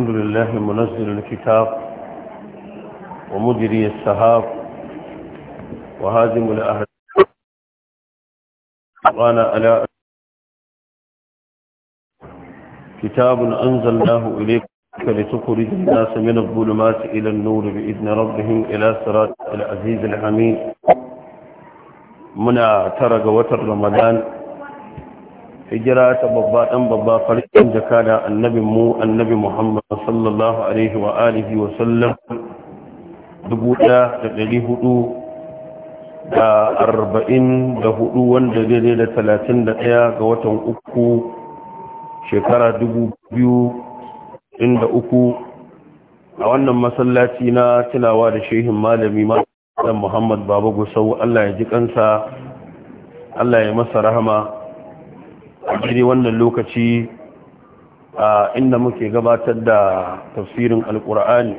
الحمد لله منزل الكتاب ومجري السحاب وهازم الأهل وأنا ألا كتاب أنزلناه إليك لتخرج الناس من الظلمات إلى النور بإذن ربهم إلى صراط العزيز الحميد منا ترق وتر رمضان hijira ta babba dan babba farkin jaka da annabin mu annabi muhammad sallallahu alaihi wa alihi wa sallam dubu ɗaya da ɗari hudu da arba'in da hudu wanda daidai da talatin da ɗaya ga watan uku shekara dubu biyu inda uku a wannan masallaci na tunawa da shehin malami malam muhammad baba gusau allah ya ji kansa allah ya masa rahama a wannan lokaci a inda muke gabatar da tafsirin alkur'ani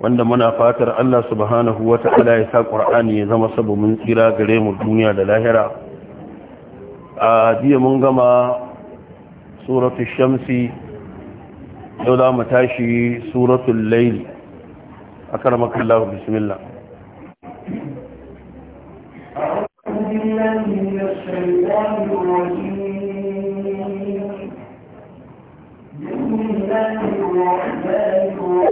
wanda muna fatar Allah subhanahu wa ta'ala ya sa ƙur'ani ya zama sabo mun tsira gare mu duniya da lahira a jiya mun gama suratul shamsi yau za mu tashi suratul laili a karamakallahu bismillah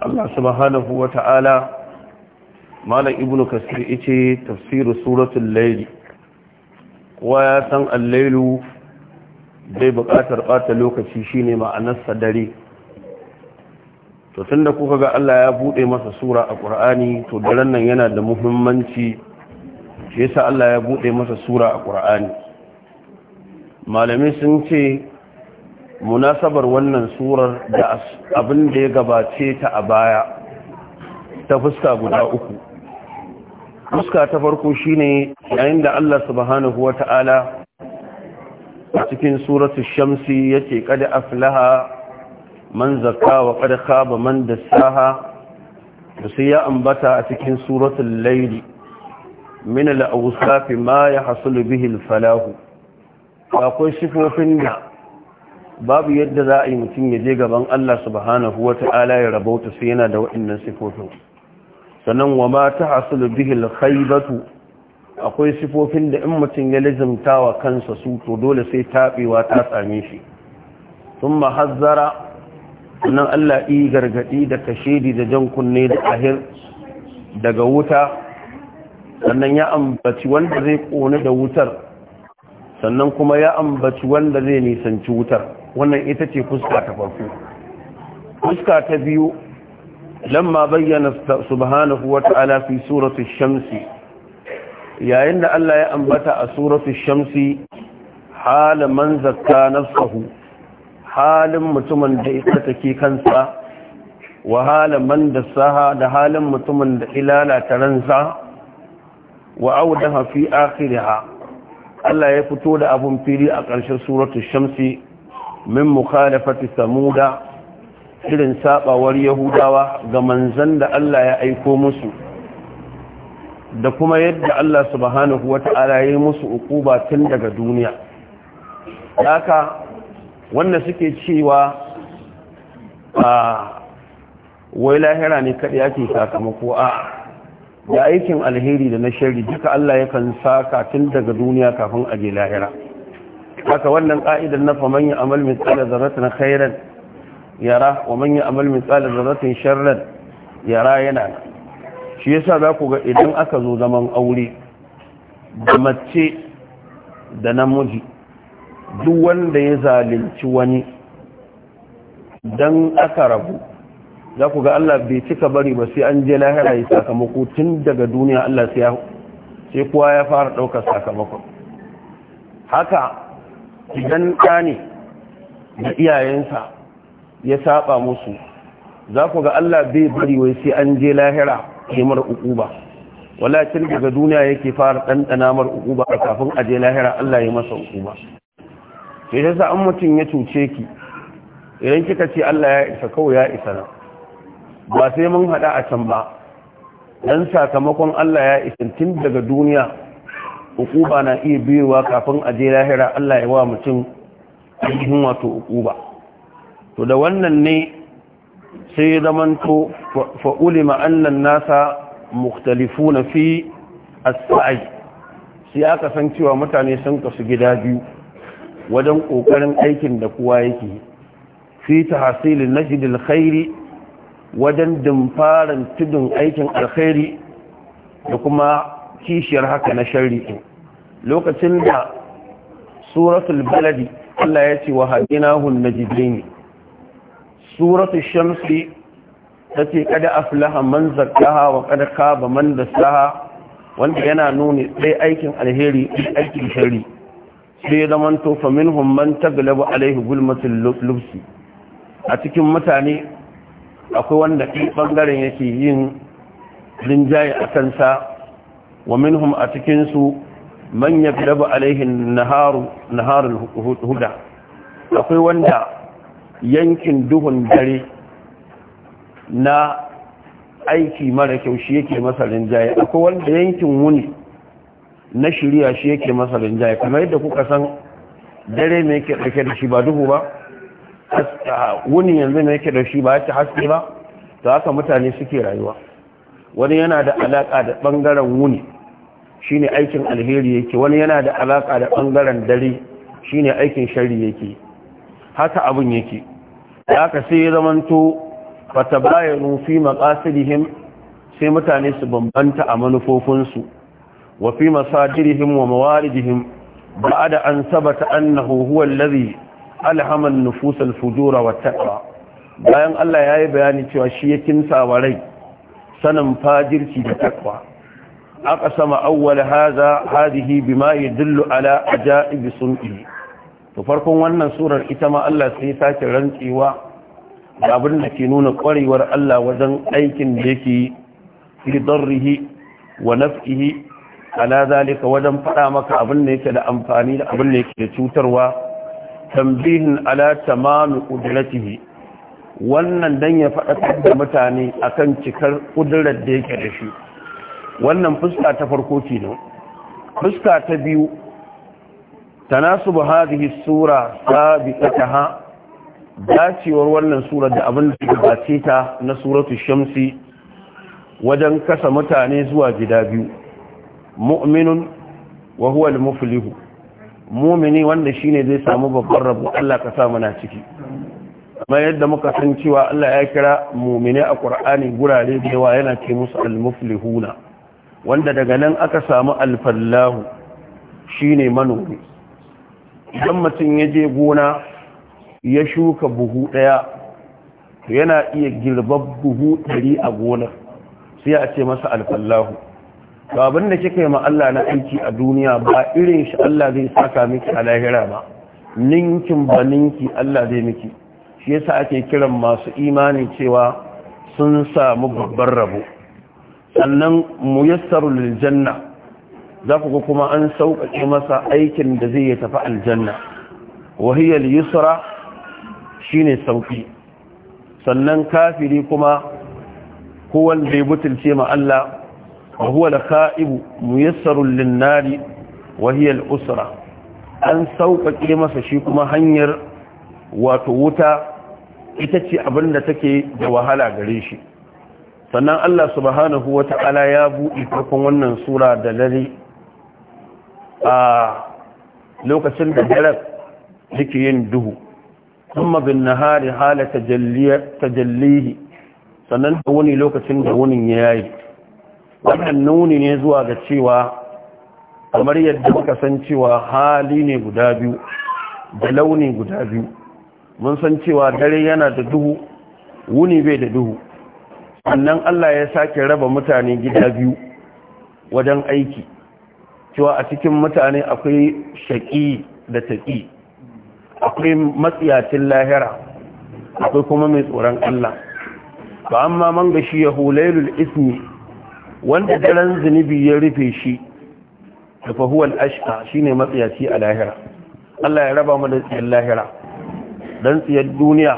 Allah subhanahu wa ta’ala, Malam Ibnu Kasir ita tafsirin Suratun Lairi, wa ya san Allailu bai buƙatar ɓata lokaci shine ma'anarsa dare to tunda kuka ga Allah ya buɗe masa sura a ƙur'ani to daren nan yana da muhimmanci shi yasa Allah ya buɗe masa sura a ƙur'ani malamai sun ce munasabar wannan surar da abin da ya gabace ta a baya ta fuska guda uku fuska ta farko shine yayin da Allah subhanahu wata'ala a cikin suratu shamsi yace qad aflaha man zakka wa qad khaba man dassaha sai ya ambata a cikin suratun laili min al-awsaf ma yahsulu bihi al-falah akwai sifofin da babu yadda za a yi mutum ya je gaban Allah subhanahu wata'ala ya rabauta sai yana da waɗannan sifofin sannan wa ma tahsulu bihi al-khaybatu akwai sifofin da in mutum ya lizimta wa kansa su to dole sai taɓewa ta same shi sun mahazzara nan Allah yi gargaɗi da kashedi da jan kunne da ahir daga wuta sannan ya ambaci wanda zai ƙone da wutar sannan kuma ya ambaci wanda zai nisanci wutar wannan ita ce fuska ta farko fuska ta biyu lamma bayyana subhanahu wata'ala fi suratul shamsi yayin da Allah ya ambata a suratu shamsi halin man zakka nafsahu halin mutumin da ita take kansa wa halin man dassaha da halin mutumin da ilalata ransa wa audaha fi akhiriha Allah ya fito da abun fili a ƙarshen suratu shamsi min mukhalafati samuda irin sabawar yahudawa ga manzon da Allah ya aiko musu da kuma yadda Allah subhanahu wata'ala ya yi musu ukuba tun daga duniya haka wanda suke cewa a wai lahira ne kaɗai ake sakamako a da aikin alheri da na shari duka Allah yakan saka tun daga duniya kafin a je lahira haka wannan ka'idar na faman ya amal mitsala zarratin khairan yara wa man ya amal mitsala sharran yara yana shi yasa za ku ga idan aka zo zaman aure da mace da namiji duk wanda ya zalunci wani don aka rabu za ku ga Allah bai cika bari ba sai an je lahira ya sakamako tun daga duniya Allah sai kuwa ya fara ɗaukar sakamakon haka idan ɗa ne da iyayensa ya saba musu za ku ga Allah bai bari wai sai an je lahira ke mara ukuba wala daga duniya yake fara ɗanɗana mara ukuba kafin aje lahira Allah ya masa ukuba sai ta sa an mutum ya cuce ki idan kika ce Allah ya isa kawai ya isa na ba sai mun haɗa a can ba dan sakamakon Allah ya isa tun daga duniya ukuba na iya biyowa kafin aje lahira Allah ya wa mutum ainihin wato ukuba to da wannan ne sai zamanto fauli annan nasa muktalifu na fi asa'ai sai aka san cewa mutane sun kasu gida biyu wajen ƙoƙarin aikin da kowa yake fi ta hasilin na shidil khairi wajen dimfarin tudun aikin alkhairi da kuma kishiyar haka na shari'i lokacin da suratul baladi Allah ya ce wa haɗina hun na ne suratul shamsi ta ce, kada aflaha man zakkaha wa kada khaba man dasaha wanda yana nuni dai aikin alheri dai aikin shari sai zaman to fa minhum man taglabu alaihi gulmatul lubsi a cikin mutane akwai wanda ɗin ɓangaren yake yin rinjaye a kansa wa minhum a cikinsu man ya fi alaihin naharun huda akwai wanda yankin duhun dare na aiki mara kyau shi yake masa jaye akwai wanda yankin wuni na shirya shi yake masa jaye kamar yadda kuka san dare mai yake ɗauke da shi ba duhu ba wuni yanzu mai yake da shi ba ta haske ba to haka mutane suke rayuwa wani yana da alaƙa da ɓangaren wuni shi ne aikin alheri yake wani yana da alaƙa da ɓangaren dare shi ne aikin shari yake haka abin yake ka sai ya zamanto fatabayanu fi maqasidihim sai mutane su bambanta a manufofinsu wa fi masadirihim wa mawaridihim بعد أن ثبت أنه هو الذي ألهم النفوس wa والتقوى bayan Allah ya yi bayani cewa shi ya kimsa wa rai sanin fajirci da takwa aka sama awwal haza hadihi bima yadullu ala ajaib sun'i to farkon wannan surar ita ma Allah sai sake rantsewa da abin da ke nuna kwarewar Allah wajen aikin da yake fi darrihi wa naf'ihi ala zalika wajen fada maka abin da yake da amfani da abin da yake da cutarwa tambihin ala tamami qudratihi wannan dan ya fada da mutane akan cikar kudurar da yake da shi wannan fuska ta farko ce ne fuska ta biyu tanasubu Buhari, sura sabiqataha dacewar wannan surar da abin da gabace ta na suratu shamsi wajen kasa mutane zuwa gida biyu mu'minun wa huwa al-muflihu mu'mini wanda shine zai samu babban rabo Allah ka sa muna ciki kamar yadda muka san cewa Allah ya kira mu'mini a Qur'ani gurare da yawa yana ce musu al-muflihuna wanda daga nan aka samu al-fallahu shine manomi idan mutum ya je gona ya shuka buhu ɗaya yana iya girbar buhu ɗari a gonar sai a ce masa alfallahu to abin da kika yi ma Allah na aiki a duniya ba irin shi Allah zai saka miki a lahira ba ninkin ba ninki Allah zai miki shi yasa ake kiran masu imani cewa sun samu babban rabo sannan muyassarul janna za ku ga kuma an sauƙaƙe masa aikin da zai ya tafi aljanna wahiyar yusra ne sauƙi sannan kafiri kuma kowan bai butulce ma Allah wa huwa al-kha'ibu muyassarun lin wahiyar usra an sauƙaƙe masa shi kuma hanyar wato wuta ita ce abinda take da wahala gare shi sannan Allah subhanahu wata'ala ya buɗe farkon wannan sura da dare a lokacin da daren yake yin duhu kuma bin nahari hala tajallihi sannan da wuni lokacin da wunin ya yayi wannan nuni ne zuwa ga cewa kamar yadda muka san cewa hali ne guda biyu da launi guda biyu mun san cewa dare yana da duhu wuni bai da duhu sannan Allah ya sake raba mutane gida biyu wajen aiki cewa a cikin mutane akwai shaƙi da taƙi akwai matsiyacin lahira akwai kuma mai tsoron Allah ba amma man gashi ya hulailul ismi wanda daren zunubi ya rufe shi da fahuwal ashka shine matsiyaci a lahira Allah ya raba mu da tsiyar lahira don tsiyar duniya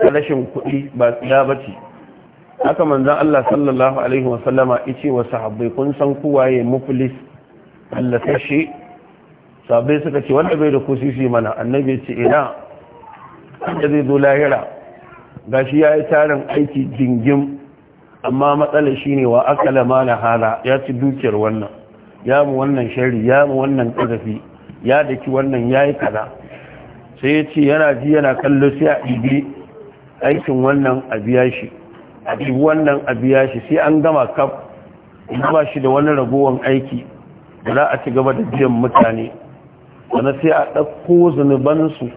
ta rashin kuɗi ba tsiya ce haka manzon Allah sallallahu alaihi wasallama yace wa sahabbai kun san kuwaye muflis shi sabai suka ce wanda bai da kusisi mana annabi ce ina wanda zai zo lahira ga shi ya yi tarin aiki jingim amma matsala shi ne wa akala mana hala ya ci dukiyar wannan ya mu wannan shari ya mu wannan kazafi ya daki wannan ya yi kaza sai ya ce yana ji yana kallo sai a ibi aikin wannan a biya shi a ibi wannan a biya shi sai an gama kaf ba shi da wani ragowar aiki Baza za a ci gaba da biyan mutane sannan sai a ɗauko zunubansu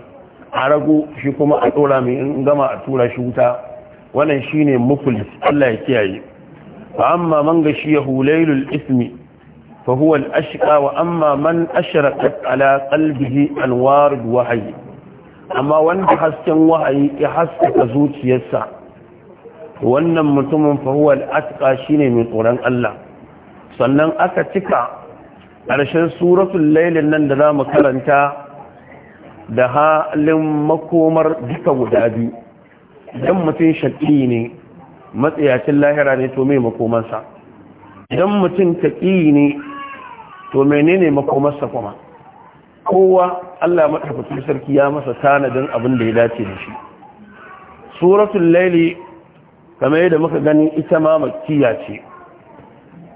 a rago shi kuma a ɗora mai in gama a tura shi wuta wannan shi ne mukulis Allah ya kiyaye fa amma man shi ya hulailul ismi fa huwa al wa amma man ashraqat ala qalbihi anwar wahyi amma wanda hasken wahayi ya haskaka zuciyarsa wannan mutumin fa huwa al-atqa shine mai tsoron Allah sannan aka cika ƙarshen suratun lailin nan da za mu karanta da halin makomar duka guda biyu idan mutum shaƙi ne matsayacin lahira ne to mai makomarsa idan mutum taƙi ne to menene makomarsa kuma kowa Allah maɗaukacin sarki ya masa tanadin abin da ya dace da shi suratun laili kamar yadda muka gani ita ma makkiya ce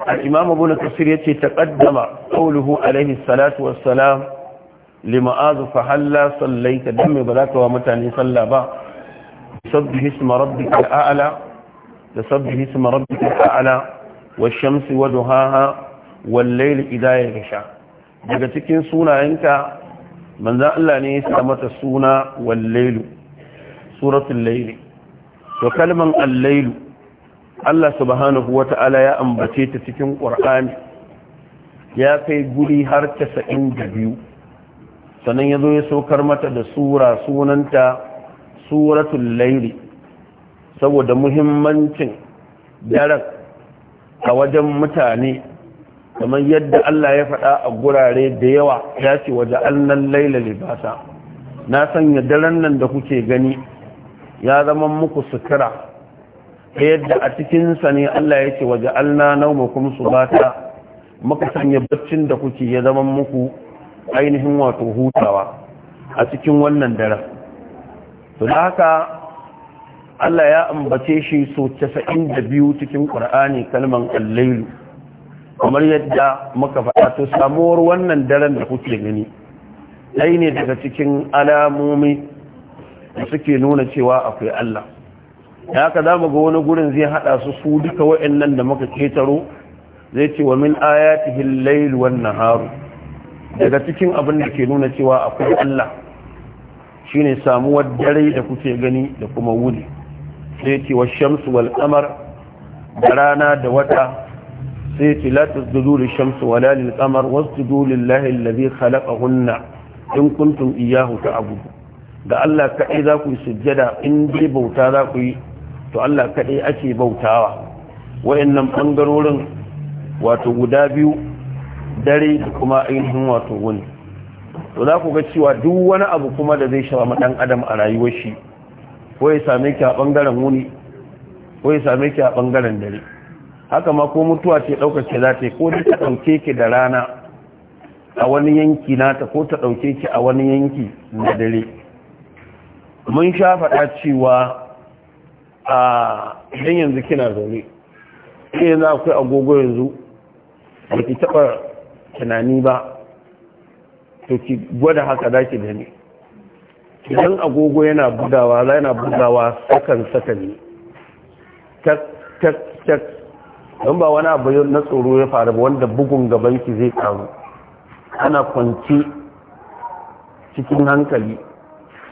الإمام أبو الكثير يتي تقدم قوله عليه الصلاة والسلام لمعاذ فهلا صليت دم بلاك ومتاني صلى با بسبه اسم ربك الأعلى بسبه اسم ربك الأعلى والشمس ودهاها والليل إذا يغشى daga cikin sunayenka manzan Allah ne ya mata suna wallailu suratul laili to kalman allailu Allah subhanahu wa ta'ala ya ambace ta cikin ƙur'ani ya kai guri har biyu. sannan ya zo ya saukar mata da sura sunanta suratul laili saboda muhimmancin daren a wajen mutane kamar yadda Allah ya faɗa a gurare da yawa ya ce waje annan laila libasa na sanya daren nan da kuke gani ya zama muku sutura ta yadda a cikinsa ne Allah ya ce waje alna su bata muka sanya baccin da kuke ya zama muku ainihin wato hutawa a cikin wannan daren to da haka Allah ya ambace shi so 92 cikin ƙur'ani kalman al kamar yadda muka faɗa to samuwar wannan daren da kuke gani dai ne daga cikin alamomi da suke nuna cewa akwai Allah ya haka za mu ga wani gurin zai haɗa su su duka wa'annan da muka ketaro zai ce wa min ayatihil layl an nahar daga cikin abin da ke nuna cewa akwai Allah shine samuwar dare da kuke gani da kuma wuri sai ce wa shamsu wal qamar da rana da wata sai ce la tasjudu lil shamsi wala lil qamar wasjudu lillahi alladhi khalaqahunna in kuntum iyyahu ta'budun da Allah kaɗai za ku sujjada in dai bauta za ku yi to Allah kaɗai ake bautawa wa'annan ɓangarorin wato guda biyu dare da kuma ainihin wato wuni to za ku ga cewa duk wani abu kuma da zai shawa ɗan adam a rayuwar shi ko ya same ki a ɓangaren wuni ko ya same ki a ɓangaren dare haka ma ko mutuwa ce ɗaukar ki za ta yi ko ta ɗauke ki da rana a wani yanki nata ko ta ɗauke ki a wani yanki na dare mun sha faɗa cewa a idan yanzu kina zaune sai yanzu akwai agogo yanzu ba ki taɓa tunani ba to ki gwada haka za ki gani idan agogo yana bugawa yana bugawa sakan sakan tak tak tak don ba wani abu na tsoro ya faru ba wanda bugun gaban ki zai karu ana kwanci cikin hankali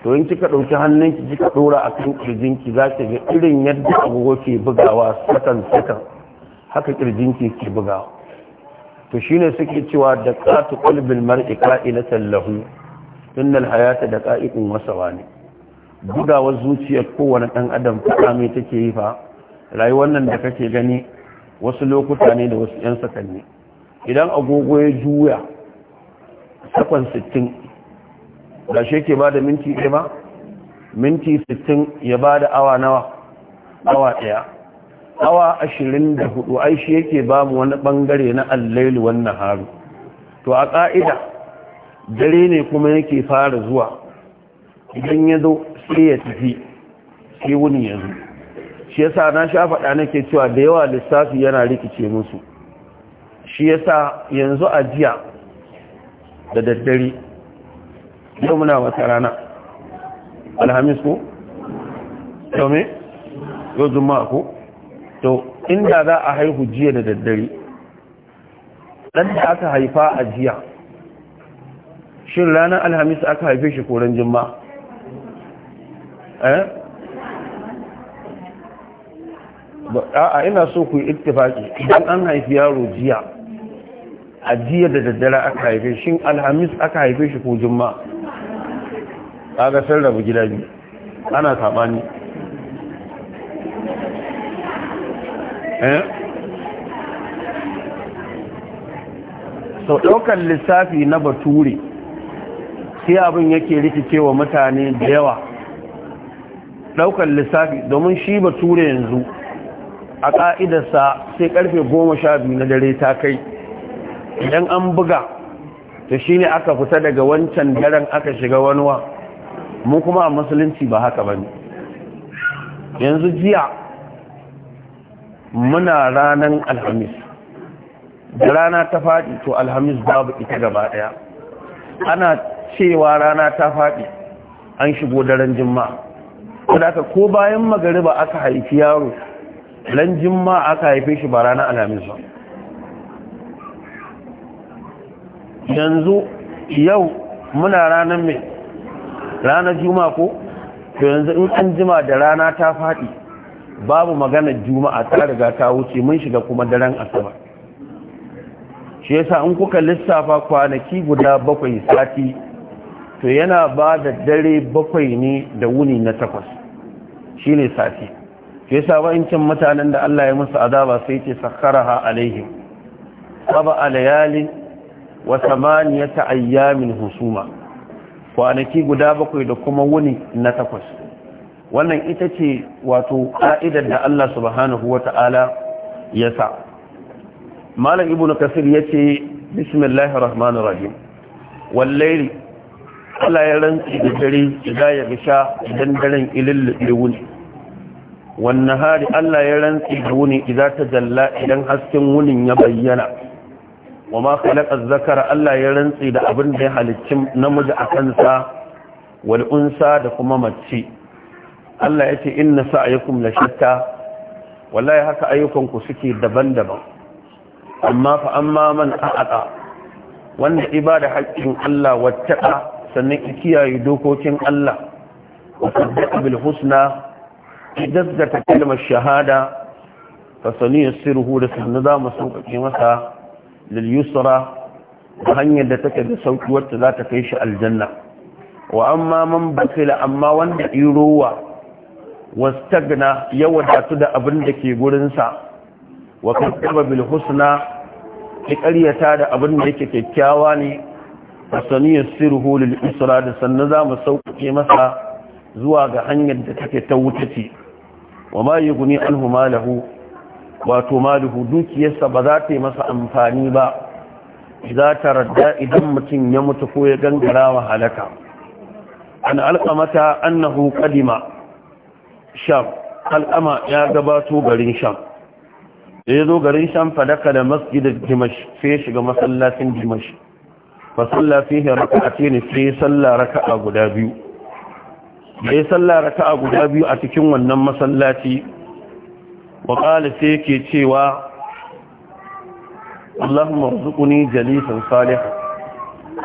to in kika ɗauki ki kika ɗora a kan ki za ki ga irin yadda agogo ke bugawa sakan sakan haka ki ke bugawa to shine suke cewa da qatu qalbil mar'i ƙa'ilatan lahu innal hayata da ƙa'iƙin wasa ne bugawar zuciyar kowane ɗan adam fa mai take yi fa rayuwar nan da kake gani wasu lokuta ne da wasu 'yan sakanni idan agogo ya juya sakan da shi ke ba da minti ɗaya ba minti 60 ya ba da awa nawa awa ɗaya awa 24 ai shi yake ba mu wani ɓangare na allailu wannan haru to a ƙa'ida dare ne kuma yake fara zuwa idan ya zo sai ya tafi sai wuni ya zo shi yasa na sha faɗa nake cewa da yawa lissafi yana rikice musu shi yasa yanzu a jiya da daddare yau muna wata rana alhamis ko yau me yau juma'a ko to inda za a haihu jiya da daddare dan da aka haifa a jiya shin ranar alhamis aka haife shi koren jimma eh a ina so ku yi ittifaki idan an haifi yaro jiya a jiya da daddare aka haife shi alhamis aka haife shi ko jimma? kaga sun rabu gida biyu ana saɓani eh? sau ɗaukar lissafi na bature sai abin yake wa mutane da yawa ɗaukar lissafi domin shi bature yanzu a ƙa'idarsa sai ƙarfe goma sha biyu na dare ta kai idan an buga to shi ne aka fita daga wancan daren aka shiga wani wa mu kuma a musulunci ba haka ba ne yanzu jiya muna ranar alhamis da rana ta faɗi to alhamis babu ita gaba ɗaya ana cewa rana ta faɗi an shigo daren jimma wadaka ko bayan magariba aka haifi yaro ran jimma aka haife shi ba ranar alhamis ba yanzu yau muna ranar mai ranar juma'a ko to yanzu in an jima da rana ta faɗi babu maganar juma'a ta riga ta wuce mun shiga kuma daren asabar shi yasa in kuka lissafa kwanaki guda bakwai sati to yana ba da dare bakwai ne da wuni na takwas shi ne sati shi yasa wa'incin mutanen da Allah ya musu azaba sai ce sakharaha alaihim saba alayalin wa samaniyata ayyamin husuma kwanaki guda bakwai da kuma wuni na takwas wannan ita ce wato ƙa'idar da Allah subhanahu wa ta'ala ya sa malam ibnu kasir ya ce bismillahir rahmanir rahim wallahi Allah ya rantsi da dare da ya gisha idan daren ililli wuni wannan hari Allah ya rantsi da wuni idan ta jalla idan hasken wunin ya bayyana wa ma zakara Allah ya rantsi da abin da ya halicci namiji a kansa wal unsa da kuma mace Allah ya ce inna sa'yakum la shatta wallahi haka ayyukan ku suke daban-daban amma fa amma man a'ata wanda ibada haƙƙin Allah wattaqa sannan ki kiyaye dokokin Allah wa saddaqa bil husna idan da shahada fa sani yasiruhu da sannan za mu sauƙaƙe masa lil yusra hanyar da take da sauki wacce za ta kai shi aljanna wa amma man bakila amma wanda irowa wastagna ya wadatu da abin da ke gurinsa wa kaddaba bil husna ki karyata da abin da yake kyakkyawa ne a saniyar sirhu lil da sannan za mu sauƙaƙe masa zuwa ga hanyar da take ta wuta ce wa ma yughni anhu malahu wato maluhu dukiyarsa ba za ta yi masa amfani ba za ta radda idan mutum ya mutu ko ya gangara wa halaka an alƙamata annahu kadima sham alƙama ya gabato garin sham da ya zo garin sham fadaka da masjidar dimash sai shiga masallacin dimash fasalla fihe ce ne sai salla raka'a guda biyu da ya salla raka'a guda biyu a cikin wannan masallaci waƙala sai yake cewa allahumma zuƙuni jalisan salihan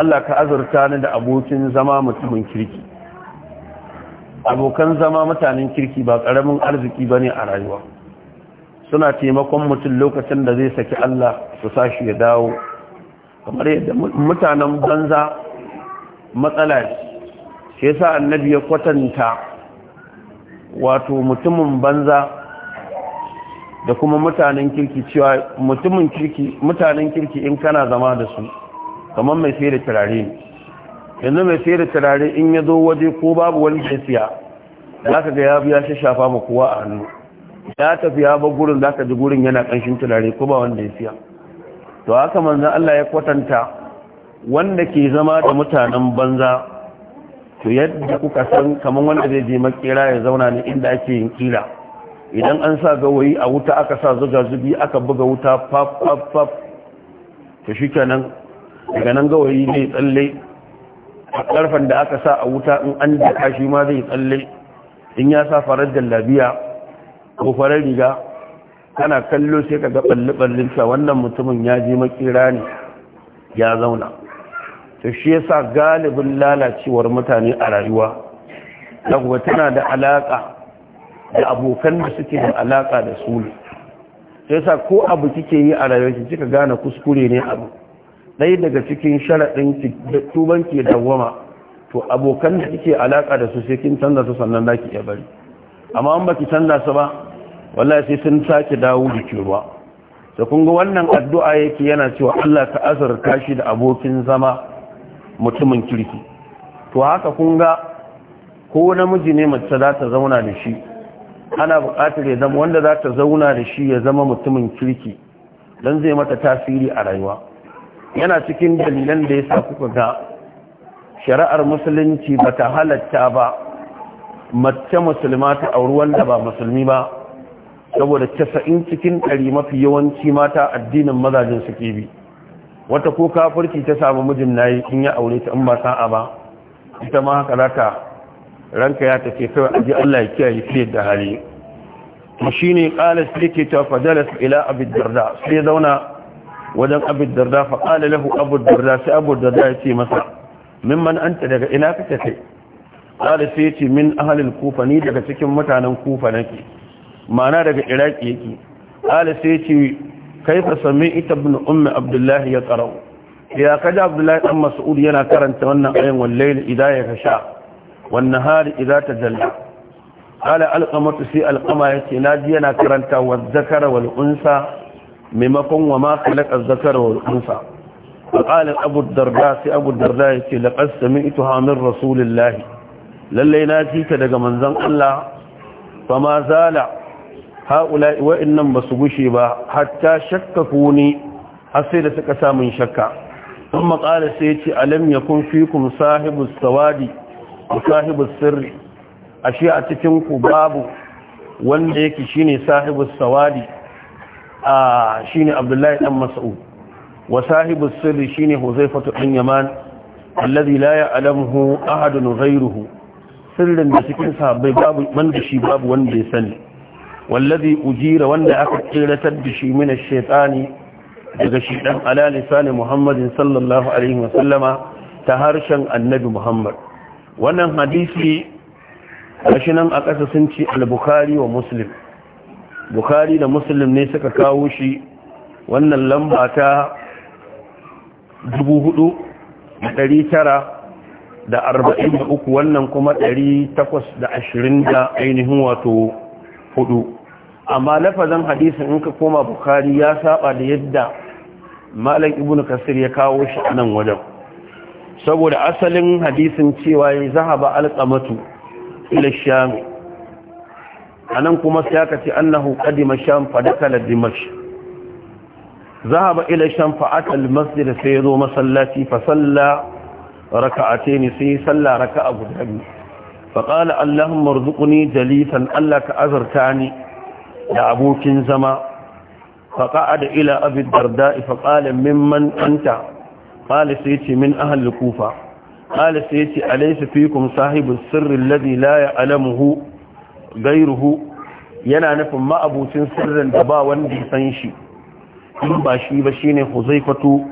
allah ka azurta ni da abokin zama mutumin kirki abokan zama mutanen kirki ba ƙaramin arziki ba ne a rayuwa suna taimakon mutum lokacin da zai saki allah su sashi ya dawo kamar yadda mutanen banza matsala shi yasa annabi ya kwatanta wato mutumin banza da kuma mutanen kirki cewa mutumin kirki mutanen kirki in kana zama da su kamar mai sayar da turare yanzu mai sayar da turare in ya zo waje ko babu wani da siya za ka ga ya biya shi shafa ma kowa a hannu ya tafi ya ba gurin za ka ji gurin yana ƙanshin turare ko ba wanda ya siya to haka manzan Allah ya kwatanta wanda ke zama da mutanen banza to yadda kuka san kamar wanda zai je makera ya zauna ne inda ake yin kira idan an sa gawayi a wuta aka sa zuga zubi aka buga wuta fab fab fab to daga nan gawayi ne tsalle a karfan da aka sa a wuta in an da kashi ma zai tsalle in ya sa farar jallabiya ko farar riga kana kallo sai ka ga balli-ballin wannan mutumin ya je makira ne ya zauna to shi yasa galibin lalacewar mutane a rayuwa daga tana da alaƙa. da abokan da suke da alaka da su ne. sai sa ko abu kike yi a rayuwarki kika gane kuskure ne abu ɗaya daga cikin sharaɗin tuban ke dawama to abokan da kike alaka da su sai kin canza su sannan zaki iya bari amma an baki canza su ba wallahi sai sun sake dawo ki ruwa To kun ga wannan addu'a yake yana cewa Allah ka azurta shi da abokin zama mutumin kirki to haka kun ga ko namiji ne mace za ta zauna da shi ana buƙatar ya zama wanda za ta zauna da shi ya zama mutumin kirki don zai mata tasiri a rayuwa yana cikin dalilan da ya sa kuka ga shari'ar musulunci ba ta halatta ba mace musulma ta auri wanda ba musulmi ba saboda casa'in cikin ɗari mafi yawanci mata addinin mazajin su ke bi wata ko kafurki ta samu mijin nayi in ya aure ta in ba sa'a ba ita ma haka za ta ranka ya tafi kawai aji Allah ya kiyaye fiye da hali shi shine qala sike ta fadalas ila abin darda sai zauna wajen abin darda fa qala lahu abu darda sai abu darda ya ce masa mimman anta daga ina kake kai qala sai ce min ahlil kufa ni daga cikin mutanen kufa nake ma'ana daga iraki yake qala sai ce kai fa sami ita ibn ummi abdullah ya qara'u ya kaji abdullahi dan mas'ud yana karanta wannan ayan wallahi idan ya kasha wannan hari iza ta zalla ala alƙamatu sai alƙama ya ce na ji yana karanta wa zakara wa maimakon wa ma kalaka zakara wa al'unsa a ƙalin abu sai abu darda ya ce laƙas sami ito hamin rasulun lallai na ji ta daga manzan allah fa ma zala haula wa'in nan ba su gushe ba hatta shakka kuni har sai da suka samun shakka sun maƙalar sai ce alam ya kun fi kun sahibu sawadi sahibu sirri ashe a cikinku babu wanda yake shine sahibu sawadi a ne abdullahi dan mas'ud wa sahibu sirri shine huzaifatu dan yaman alladhi la ya'lamuhu ahadun ghayruhu sirrin da cikin sahabbai babu wanda shi babu wanda ya sani wallazi ujira wanda aka tsiratar da shi min ash daga shi ɗan. ala lisan muhammadin sallallahu alaihi wa sallama ta harshen annabi muhammad wannan hadisi gashi nan a ƙasa sun ci al-bukhari wa muslim bukhari da muslim ne suka kawo shi wannan lamba ta 4,943 wannan kuma 820 da ainihin wato 4 amma lafazan hadisi in ka koma bukhari ya saba da yadda malam ibnu kasir ya kawo shi a nan wajen saboda asalin hadisin cewa ya zahaba alƙamatu ila shami a nan kuma sai aka ce annahu qadima shan" fa dakala dimash zahaba ila sham fa atal masjid sai yazo masallaci fa salla raka'atayn sai salla raka'a guda biyu fa qala allahumma irzuqni jalisan allah ka azarta ni, da abokin zama fa da ila abin darda fa qala mimman ɗanta. qala yace min ahli kufa qala sai yace alaysa fikum sahibus sirri alladhi la ya'lamuhu ghayruhu yana nufin ma'abucin sirrin da ba wanda ya san shi in ba shi ba shine huzaifatu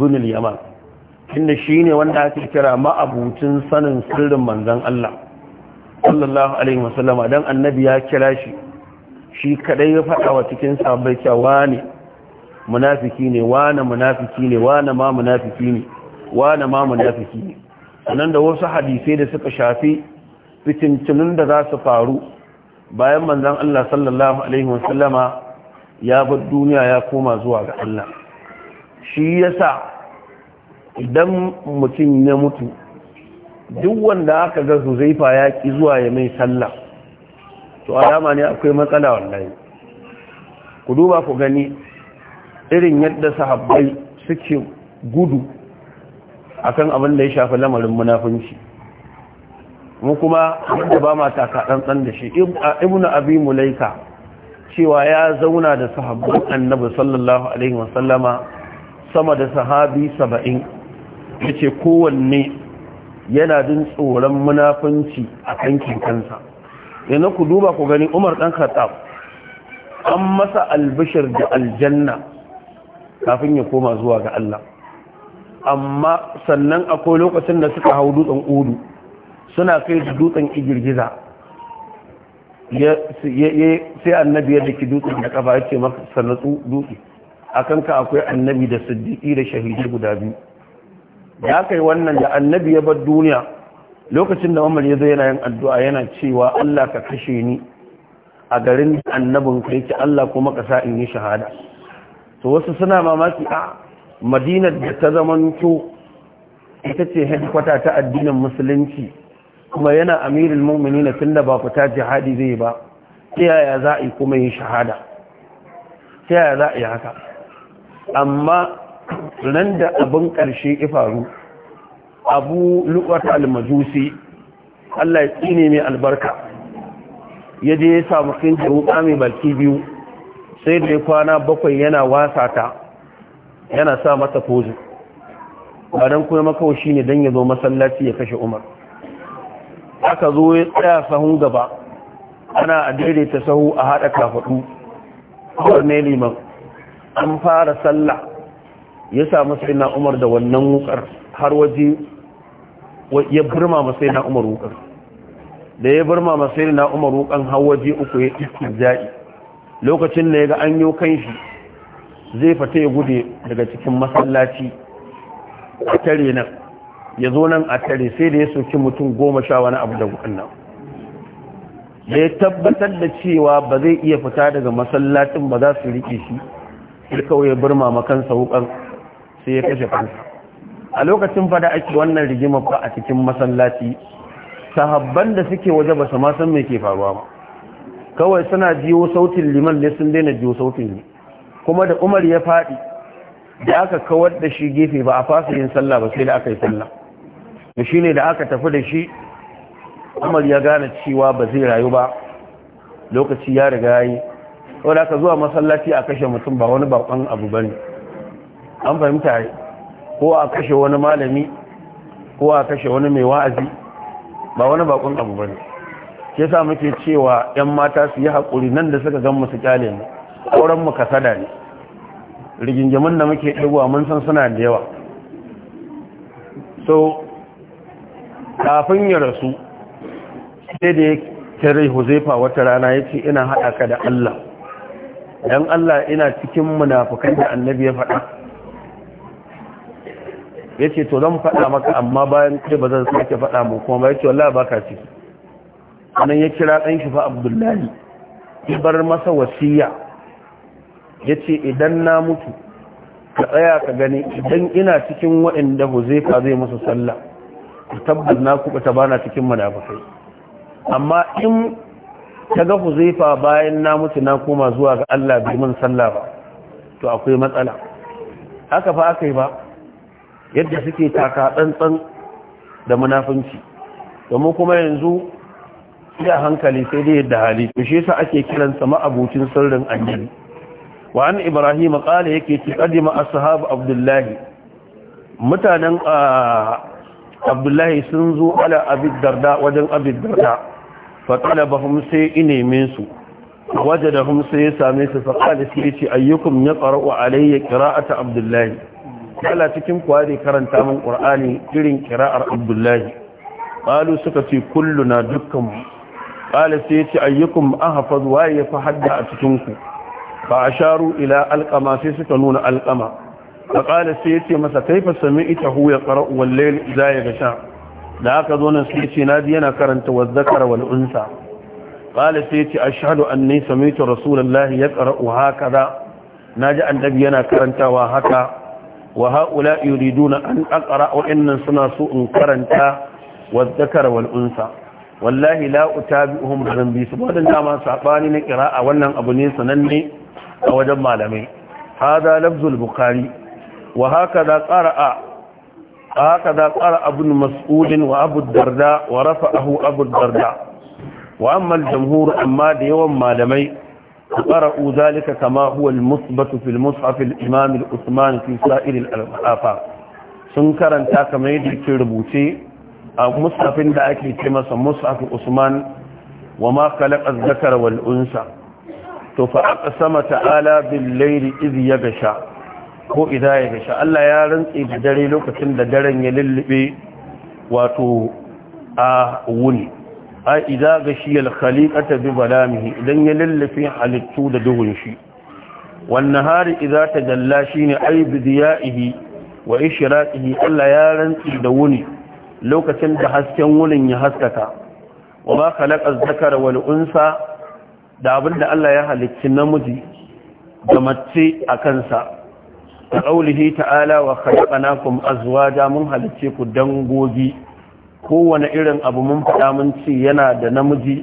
bin al-yaman inda shine wanda ake kira ma'abucin sanin sirrin manzon Allah sallallahu alaihi wasallama dan annabi ya kira shi shi kadai ya faɗa wa cikin sahabbai cewa ne munafiki ne wane munafiki ne wane ma munafiki ne wane ma munafiki ne sannan da wasu hadisai da suka shafi fitintunun da za su faru bayan manzan Allah sallallahu alaihi wasallama ya bar duniya ya koma zuwa ga Allah shi ya sa idan mutum ya mutu duk wanda aka ga zuzaifa ya ki zuwa ya mai sallah to alama ne akwai matsala wallahi ku duba ku gani irin yadda sahabbai suke gudu akan abin da ya shafi lamarin munafunci mu kuma wanda ba ma taka ɗan da shi ibnu abi mulaika cewa ya zauna da sahabban annabi sallallahu alaihi wasallama sama da sahabi 70 yace kowanne yana jin tsoron munafunci a kankin kansa yana ku duba ku gani Umar dan Khattab an masa albishir da aljanna kafin ya koma zuwa ga Allah amma sannan akwai lokacin da suka hau dutsen udu suna kai da dutsen igirgiza sai annabi ya daki dutsen da kafa ya maka sanatsu dutse a ka akwai annabi da siddiqi da shahidi guda biyu ya kai wannan da annabi ya bar duniya lokacin da umar ya zo yana yin addu'a yana cewa Allah ka kashe ni a garin annabin kai ki Allah kuma ka sa in yi shahada to wasu suna mamaki a madinar da ta zamanto ita ce Hedkwata ta addinin musulunci kuma yana amirin mummuni na tun da ba ta jihadi zai ba ta yaya za a yi kuma yin shahada ta yaya za a yi haka amma nan da abin ƙarshe ifaru abu lukwata almajusi allah ya tsine mai albarka ya je ya samu kinci wuƙa mai balki biyu sai da kwana bakwai yana wasa ta yana sa mata kozu ba don kuma makawashi ne don ya zo masallaci ya kashe umar aka zo ya tsaya sahun gaba ana a daidaita sahu a haɗa kafaɗu kawar ne liman an fara sallah ya samu sai na umar da wannan wukar har waje ya birma masai na umar wukar da ya birma masai na umar wukan har waje uku ya iskin za'i lokacin da ya ga an yi kanshi zai fata ya gude daga cikin masallaci a tare nan ya zo nan a tare sai da ya soki mutum goma sha wani abu da wannan da ya tabbatar da cewa ba zai iya fita daga masallacin ba za su riƙe shi sai kawai ya burma makansa wukan sai ya kashe kansa a lokacin fada ake wannan rigimar fa a cikin masallaci sahabban da suke waje ba su ma san me ke faruwa ba kawai suna jiwo sautin liman ne sun daina jiwo sautin ne kuma da umar ya faɗi da aka kawar da shi gefe ba a fasa yin sallah ba sai da aka yi sallah da shi ne da aka tafi da shi umar ya gane cewa ba zai rayu ba lokaci ya riga ya yi wadda aka zuwa masallaci a kashe mutum ba wani bakon abu ba ne an fahimta ko a kashe wani malami ko a kashe wani mai wa'azi ba wani bakon abu ba ne ke sa muke cewa 'yan mata su yi haƙuri nan da suka gan musu kyale ne auren mu kasada ne rigingimin da muke ɗaguwa mun san suna da yawa so kafin ya rasu sai da ya kere huzaifa wata rana ya ce ina haɗa ka da Allah don Allah ina cikin munafukan da annabi ya faɗa ya ce to zan faɗa maka amma bayan ce ba zan sake faɗa mu kuma ba ya ce wallah ba ka ciki anan ya kira ɗan shi fa abdullahi ya bar masa wasiya ya ce idan na mutu ka tsaya ka gani idan ina cikin waɗanda huzefa zai musu sallah ku tabbas na kuɓa ta bana cikin manafafai amma in ta ga huzefa bayan na mutu na koma zuwa ga Allah bai mun sallah ba to akwai matsala haka fa aka yi ba yadda suke taka tsantsan da munafunci domin kuma yanzu ya hankali sai dai yadda hali to shi yasa ake kiransa ma'abucin sirrin annabi wa an ibrahim qala yake ci qadima ashabu abdullahi mutanen abdullahi sun zo ala abid darda wajen abid darda fa talabahum sai min su wajadahum sai ya same su fa qala sai ce ayyukum yaqra'u alayya qira'ata abdullahi kala cikin kwari karanta min qur'ani irin qira'ar abdullahi qalu suka ce kulluna dukkanmu qala sai yace ayyukum ahfaz wa ya fi hadda a cikin ku a sharu ila alqama sai suka nuna alqama fa qala sai ce masa kaifa sami'ta hu ya qara wal za ya gasha da aka zo nan sai na ji yana karanta wa zakara wal unsa qala sai yace ashhadu anni sami'tu rasulullahi na hakaza naji annabi yana karantawa haka wa haula yuriduna an aqra wa suna so in karanta wa zakara wal unsa wallahi bi utabi'uhum bazan bi su wannan dama saɓani na a wannan abu ne sananne a wajen malamai hada lafzul bukhari wa haka za hakaza qara'a ibn wa abu darda wa rafa'ahu abu darda wa amma al amma da yawan malamai قرأوا uzalika kama هو المثبت fil المصحف الإمام الأثمان fi سائر الألفاظ sun karanta kamar yadda ke rubuce a musafin da ake ce masa musafin usman wa ma kalaka wal'unsa, wal unsa to fa sama ta'ala bil izi ya gasha, ko idha gasha. Allah ya rantsi da dare lokacin da daren ya lullube wato a wuni a idha gashi al khaliqata bi balamihi idan ya lullube halittu da duhun shi hari nahari idha tajalla shine ay bi wa ishraqihi Allah ya rantsi da wuni lokacin da hasken wurin ya haskaka wa ba khalaqa zakara unsa da abinda Allah ya halicci namiji da mace a kansa Da qaulihi ta'ala wa khalaqnakum azwaja mun halicce ku dangogi kowane irin abu mun faɗa mun ci yana da namiji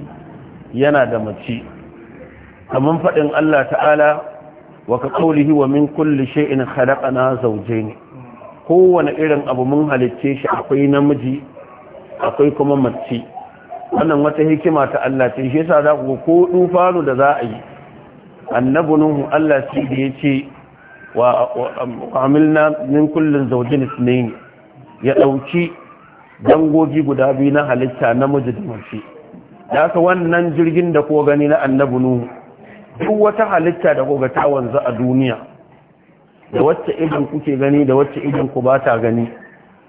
yana da mace kamar faɗin Allah ta'ala wa ka qaulihi wa min kulli shay'in khalaqna zawjayn kowane irin abu mun halicce shi akwai namiji akwai kuma mace wannan wata hikima ta Allah ce shi yasa za ku ko dufanu da za a yi annabunhu Allah shi da yace wa amilna min kullin zawjin ithnayn ya dauki dangogi guda biyu na halitta namiji da mace da ka wannan jirgin da ko gani na nuhu duk wata halitta da ko ga ta wanzu a duniya da wacce idan kuke gani da wacce idan ku ba ta gani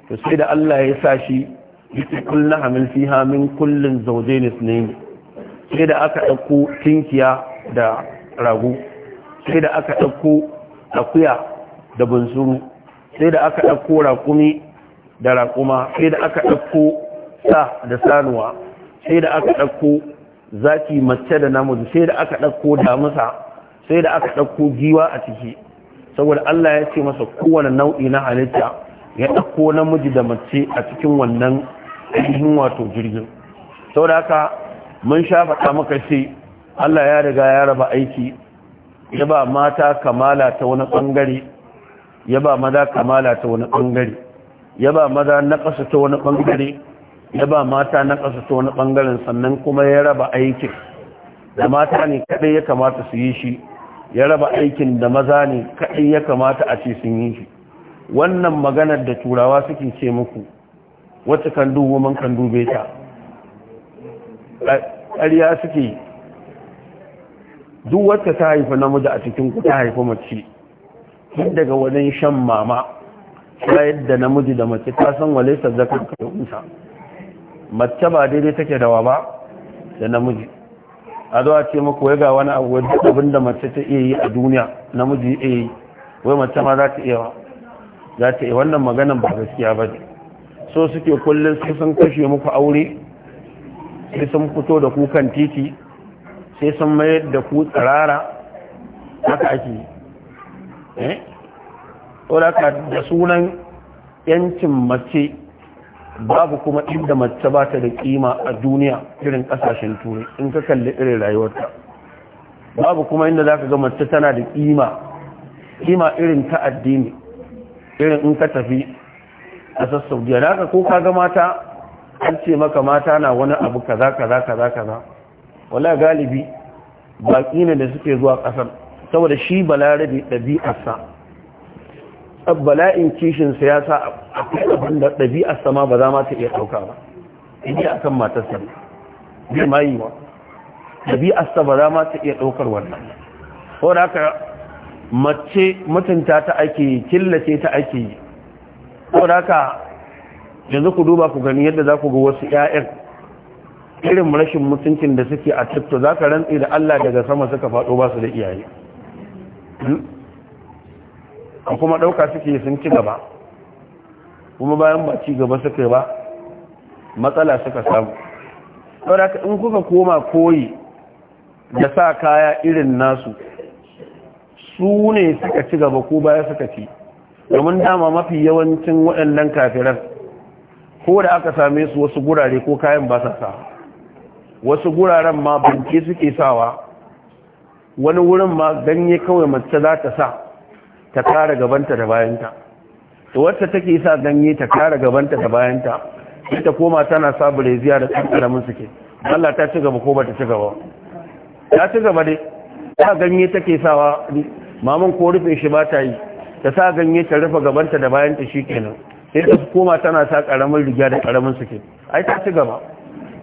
to sai da Allah ya sa shi yake kullu hamil fiha min kullin zawjain ithnain sai da aka dauko tinkiya da rago sai da aka dauko akuya da bunsuru sai da aka dauko raƙumi da raƙuma sai da aka dauko sa da sanuwa sai da aka dauko zaki mace da namiji sai da aka dauko damusa sai da aka dauko giwa a ciki saboda Allah ya ce masa kowane nau'i na halitta ya ɗauko namiji da mace a cikin wannan ainihin wato jirgin saboda haka mun sha faɗa maka ce Allah ya riga ya raba aiki ya ba mata kamala ta wani ɓangare ya ba maza kamala ta wani ɓangare ya ba maza na ƙasa ta wani ɓangare ya ba mata na ƙasa ta wani ɓangaren sannan kuma ya raba aikin da mata ne kaɗai ya kamata su yi shi ya raba aikin da maza ne kaɗai ya kamata a ce sun yi shi wannan maganar da turawa suke ce muku wacce kan dubu man kan dube ta ƙarya suke duk wacce ta haifi namiji a cikin ku ta haifi mace tun daga wajen shan mama shayar da namiji da mace ta san wale zakar ka da mace ba daidai take dawa ba da namiji a zuwa ce muku wai ga wani abu abin da mace ta iya yi a duniya namiji iya yi wai mace ma za ta iya za ta iya wannan maganan ba gaskiya ba ne so suke kullum sai sun kashe muku aure sai sun fito da kukan titi sai sun mayar da ku tsirara haka ake yi eh? da sunan yancin mace babu kuma inda mace ba ta da kima a duniya irin kasashen turai in ka kalli irin rayuwarta babu kuma inda za ka ga mace tana da kima kima irin ta addini irin in ka tafi a sassaudiya da haka ko ka ga mata an ce maka mata na wani abu kaza kaza kaza kaza wala galibi baƙi ne da suke zuwa ƙasar saboda shi balarabe ɗabi'arsa bala'in kishinsa ya sa abin da ɗabi'ar sama ba za ma ta iya ɗauka ba inda a kan matarsa bai ma yi wa ɗabi'ar sa ba za ma ta iya ɗaukar wannan ko da haka mace mutunta ta ake killace ta ake yi ko da haka yanzu ku duba ku gani yadda za ku ga wasu 'ya'yan irin rashin mutuncin da suke a tiktok za ka rantsi da allah daga sama suka faɗo ba su da iyaye hmm? a kuma ɗauka suke sun ci gaba kuma bayan ba ci gaba suka ba matsala suka samu ɗauraka in kuka koma koyi da sa kaya irin nasu su ne suka ci gaba ko baya suka ci domin dama mafi yawancin waɗannan kafiran ko da aka same su wasu gurare ko kayan ba sa sa wasu guraren ma banke suke sawa wani wurin ma ganye kawai mace za ta sa ta kara gabanta da bayanta to wacce take sa ganye ta kara gabanta da bayanta ita koma tana sabure ziya da karamin suke Allah ta ci gaba ko ba ta ci gaba ta ci gaba dai ta ganye take sawa Mamun ko rufe shi ba ta yi ta sa ganye ta rufe gabanta da bayanta shikenan sai ta koma tana sa karamin riga da karamin suke ai ta ci gaba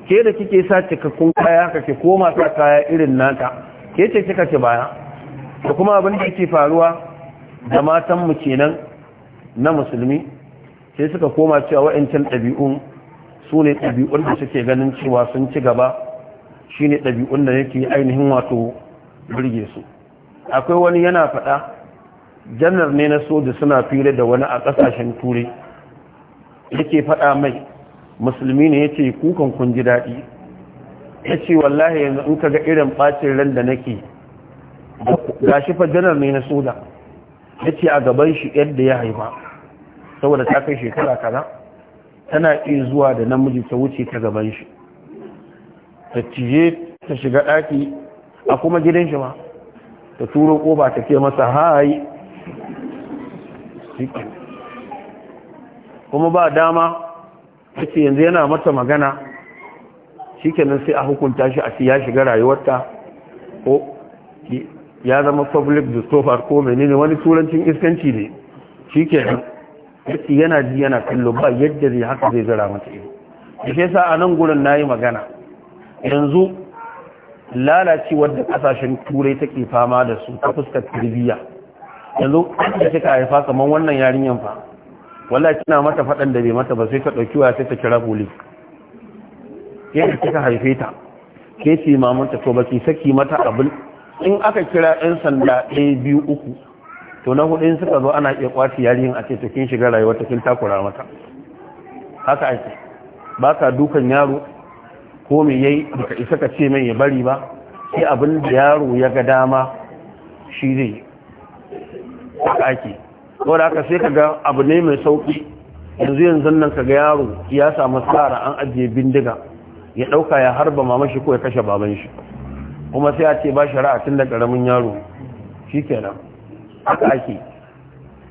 ke da kike sa cikakkun kaya ka ke koma sa kaya irin nata ke ce kika ci baya da kuma abin da yake faruwa da matanmu kenan na musulmi sai suka koma cewa wa'ancan ɗabi'un su ne ɗabi'un da suke ganin cewa sun ci gaba shi ne ɗabi'un da yake ainihin wato burge su akwai wani yana faɗa janar ne na soja suna fira da wani a ƙasashen turai yake faɗa mai musulmi ne ya ce kukan kun ji daɗi ya ce wallahi yanzu in ka ga irin ɓacin ran da nake gashi fa janar ne na soja ya a gaban shi yadda ya haifa saboda ta kai shekara kaza tana iya zuwa da namiji ta wuce ta gaban shi ta cije ta shiga ɗaki a kuma gidan shi ma ta turo ba ta ke masa hayi kuma ba dama ta yanzu yana mata magana shi kenan sai a hukunta shi a ya shiga rayuwarta ko ya zama public discover ko menene wani turancin iskanci ne shi ke yana ji yana kallo ba yadda zai haka zai zira mata ido da shi sa a nan gurin na yi magana yanzu lalacewar da kasashen turai take fama da su ta fuskar tarbiyya yanzu da kika haifa kamar wannan yarinyan fa wallahi kina mata fadan da bai mata ba sai ka dauki waya sai ta kira police yadda kika haife ta ke ce mamanta to baki saki mata abin in aka kira 'yan sanda ɗaya biyu uku to na hudu suka zo ana iya kwaci yarin a ce to kin shiga rayuwar ta kin takura mata haka ake ba ka dukan yaro ko me yayi da isa ka ce mai ya bari ba sai abin da yaro ya ga dama shi zai haka ake saboda haka sai ka ga abu ne mai sauki yanzu yanzu nan ka ga yaro ya samu tsara an ajiye bindiga ya dauka ya harba mamashi ko ya kashe baban shi kuma sai a ce ba shari'a tun da ƙaramin yaro shi kenan aka ake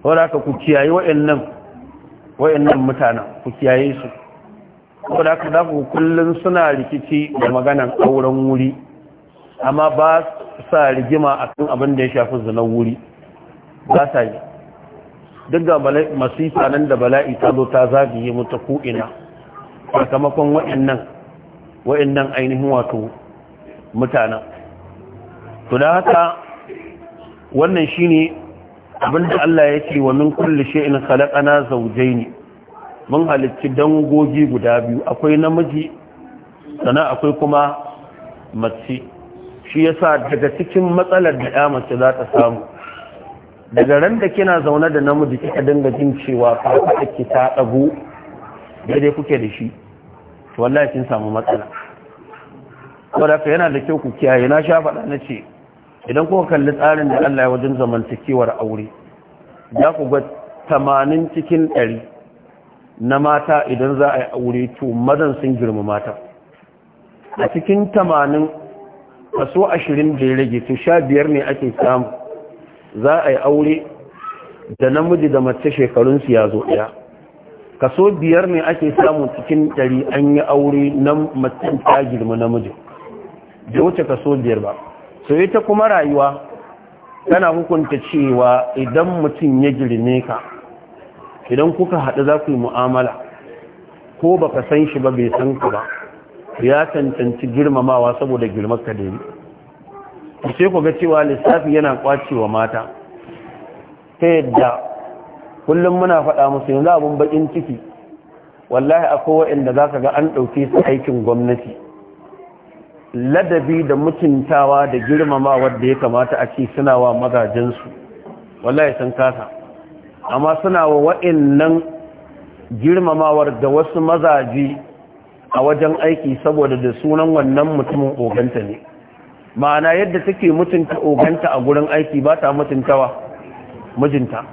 wadda aka ku kiyaye wa'annan mutanen ku kiyaye su wadda aka za kullum suna rikici da maganan auren wuri amma ba sa rigima a kan abin da ya shafi zina wuri ba sa yi duk ga masifa da bala'i ta zo ta zagaye mu ta ko'ina sakamakon wa'annan ainihin wato mutanen to haka wannan shine abinda Allah ya ce wa min kulli shay'in khalaqana ne. mun halicci dangogi guda biyu akwai namiji sannan akwai kuma mace shi yasa daga cikin matsalar da ya mace za ta samu daga ran da kina zaune da namiji kika dinga jin cewa ka ta dago daidai kuke da shi wallahi kin samu matsala saboda ka yana da kyau ku kiyaye na sha faɗa na ce idan kuka kalli tsarin da Allah ya wajen zamantakewar aure za ku ga tamanin cikin ɗari na mata idan za a yi aure to mazan sun girma mata a cikin tamanin kaso ashirin da ya rage to sha biyar ne ake samu za a yi aure da namiji da mace shekarunsu ya zo ɗaya kaso biyar ne ake samu cikin ɗari an yi aure na mace ta girma namijin da wuce kaso biyar ba so ita kuma rayuwa tana hukunta cewa idan mutum ya girme ka idan kuka haɗu za ku yi mu'amala ko ba ka san shi ba bai san ka ba ya cancanci girmamawa saboda girmarka da ku sai ku ga cewa lissafi yana kwacewa mata ta yadda kullum muna faɗa musu yanzu abin bakin ciki wallahi akwai waɗanda za ka ga an ɗauke su aikin gwamnati ladabi da mutuntawa da girmamawar da ya kamata a ci suna wa mazajensu wallahi sun kasa amma suna wa wa'annan girmamawar da wasu mazaji a wajen aiki saboda da sunan wannan mutumin oganta ne ma'ana yadda take mutunta oganta a gurin aiki ba ta mutuntawa mijinta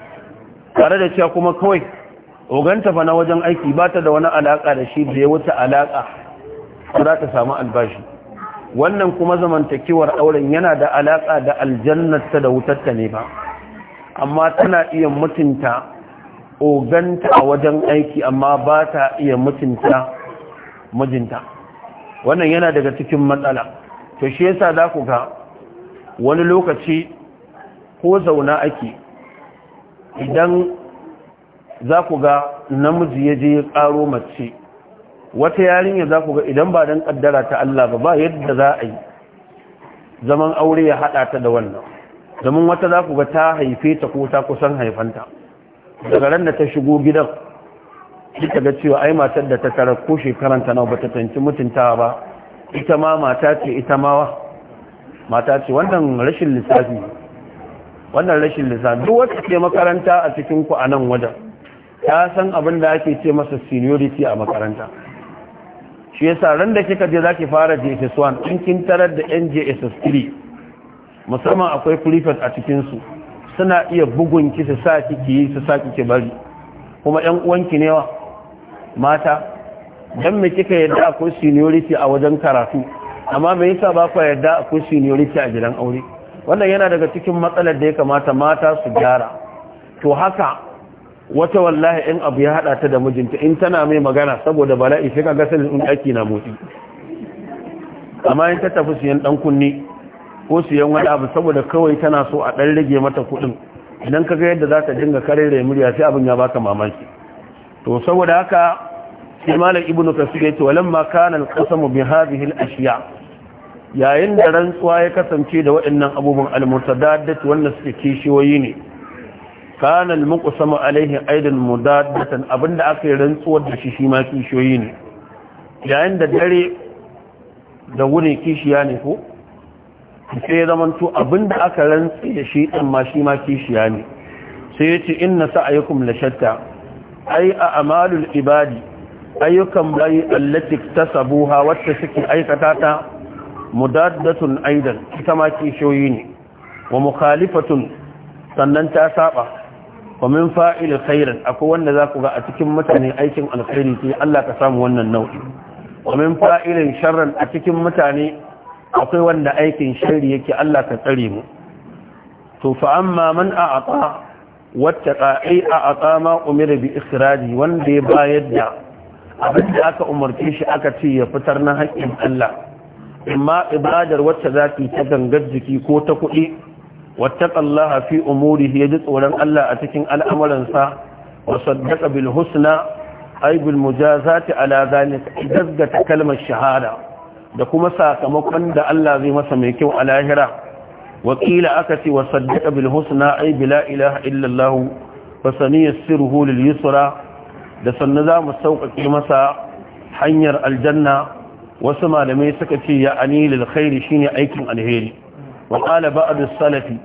tare da cewa kuma kawai oganta fa na wajen aiki ba ta da wani alaka da shi da ya wuce alaka za ta samu albashi wannan kuma zamantakewar auren yana da alaƙa da aljannarta da wutarta ne ba amma tana iya mutunta oganta a wajen aiki amma ba ta iya mutunta mijinta wannan yana daga cikin matsala to shi yasa za ku ga wani lokaci ko zauna ake idan za ku ga namiji ya je ya ƙaro mace wata yarinya za ku ga idan ba don kaddara ta Allah ba ba yadda za a yi zaman aure ya haɗa ta da wannan zaman wata za ku ga ta haife ta ko ta kusan haifanta daga ran da ta shigo gidan ta ga cewa ai matar da ta tara ko shekaran ta nawa bata tanci mutuntawa ba ita ma mata ce ita ma mata ce wannan rashin lissafi wannan rashin lissafi duk wata ke makaranta a cikin ku a nan wajen ta san abin da ake ce masa seniority a makaranta shi sa ran da kika je zaki fara JSS1 in kin tarar da NJSS3 musamman akwai prefect a cikin su suna iya bugun ki su sa kike yi su sa kike bari kuma yan uwanki ne wa mata dan me kika yadda akwai seniority a wajen karatu amma me yasa ba ku yadda akwai seniority a gidan aure wannan yana daga cikin matsalar da ya kamata mata su gyara to haka wata wallahi in abu ya hada ta da mijinta in tana mai magana saboda bala'i sai kaga sai in aiki na motsi amma in ta tafi siyan dan kunni ko siyan wani abu saboda kawai tana so a dan rage mata kudin idan kaga yadda za ta dinga karere murya sai abin ya baka mamaki to saboda haka sai malam ibnu kasir yace walamma kana al bi hadhihi alashiya yayin da rantsuwa ya kasance da waɗannan abubuwan almurtada da wannan suke kishiyoyi ne kana al-muqsamu alaihi aidan mudaddatan abinda aka yi rantsuwar da shi shi ma kishiyoyi ne yayin da dare da wuri kishiya ne ko sai ya zaman to abinda aka rantsu da shi din ma shi ma kishiya ne sai ya yace inna sa'aykum la shatta ai a amalul ibadi ayyukan bayi allati tasabuha wacce suke aikata ta mudaddatun aidan ita ma kishiyoyi ne wa mukhalifatun sannan ta saba wa min fa'il khairin akwai wanda za ku ga a cikin mutane aikin alkhairi sai Allah ka samu wannan nau'i wa min fa'ilin sharran a cikin mutane akwai wanda aikin sharri yake Allah ka tsare mu to fa amma man a'ata wattaqa ai a'ata ma umira bi ikhraji wanda ya bayar da abin da aka umarce shi aka ce ya fitar na haƙƙin Allah amma ibadar wacce zaki ta gangar jiki ko ta kuɗi wattaqallaha fi umurihi yaji tsoron Allah a cikin al'amuransa wa saddaqa bil husna ay bil mujazati ala zalika gaskata shahada da kuma sakamakon da Allah zai masa mai kyau a lahira wakila aka ce wa saddaqa bil husna ay bila ilaha illa Allah fa saniya sirruhu lil yusra da sanna za mu sauƙaƙe masa hanyar aljanna wasu malamai suka ce ya anilil khairi shine aikin alheri wa qala ba'd as-salafi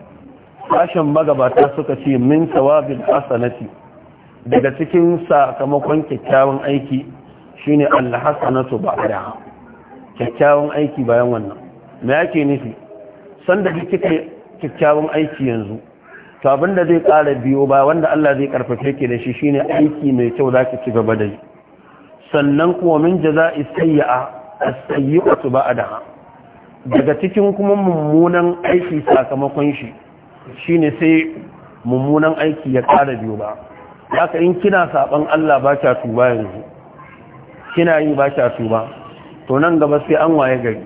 kashin magabata suka ce min sawabil hasanati daga cikin sakamakon kyakkyawan aiki shine al-hasanatu kyakkyawan aiki bayan wannan me yake nufi sanda kika kyakkyawan aiki yanzu to abin da zai ƙara biyo ba wanda Allah zai karfafe ke da shi shine aiki mai kyau za zaki ci gaba da shi sannan kuma min jaza'i sayyi'a as-sayyi'atu ba'daha daga cikin kuma mummunan aiki sakamakon shi shi ne sai mummunan aiki ya ƙara biyu ba haka in kina saban Allah ba kya tuba yanzu kina yi ba kya tuba to nan gaba sai an waye gari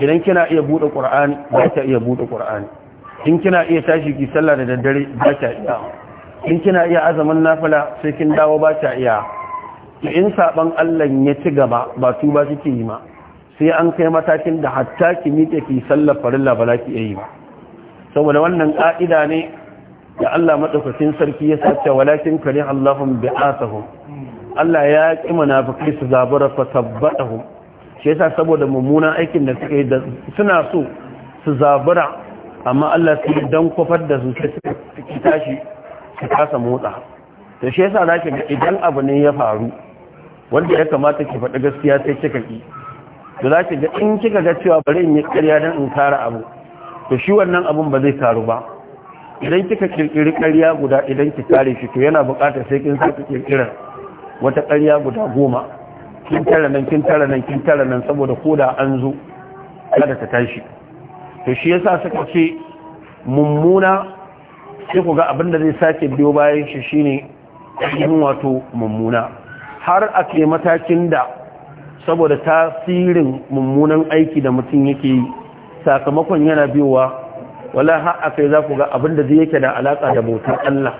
idan kina iya bude Qur'ani ba kya iya bude Qur'ani in kina iya tashi ki sallah da daddare ba kya iya in kina iya azaman nafila sai kin dawo ba kya iya in saban Allah ya ci gaba ba tuba kike yi ma sai an kai matakin da hatta ki miƙe ki sallar farilla ba za ki yi ba saboda wannan ƙa'ida ne da Allah madaukakin sarki ya sace walakin kare Allahum asahu. Allah ya ki munafiki su zabura fa tabbatahum shi yasa saboda mummunan aikin da suka yi da suna so su zabura amma Allah sai dan kofar da su sai su tashi su kasa motsa to shi yasa zaki ga idan abu ne ya faru wanda ya kamata ki faɗi gaskiya sai kika ki to za ki ga in kika ga cewa bari in yi ƙarya don in tara abu to shi wannan abun ba zai taru ba idan kika kirkiri ƙarya guda idan ki kare shi to yana buƙatar sai kin saka kirkirar wata ƙarya guda goma kin tara nan kin tara nan kin tara nan saboda ko da an zo kada ta tashi to shi yasa suka ce mummuna sai ku ga abin da zai sake biyo bayan shi shine yin wato mummuna har a ke matakin da saboda tasirin mummunan aiki da mutum yake yi sakamakon yana biyowa wala ha'a akai za ku ga abin da zai yake da alaka da bautar Allah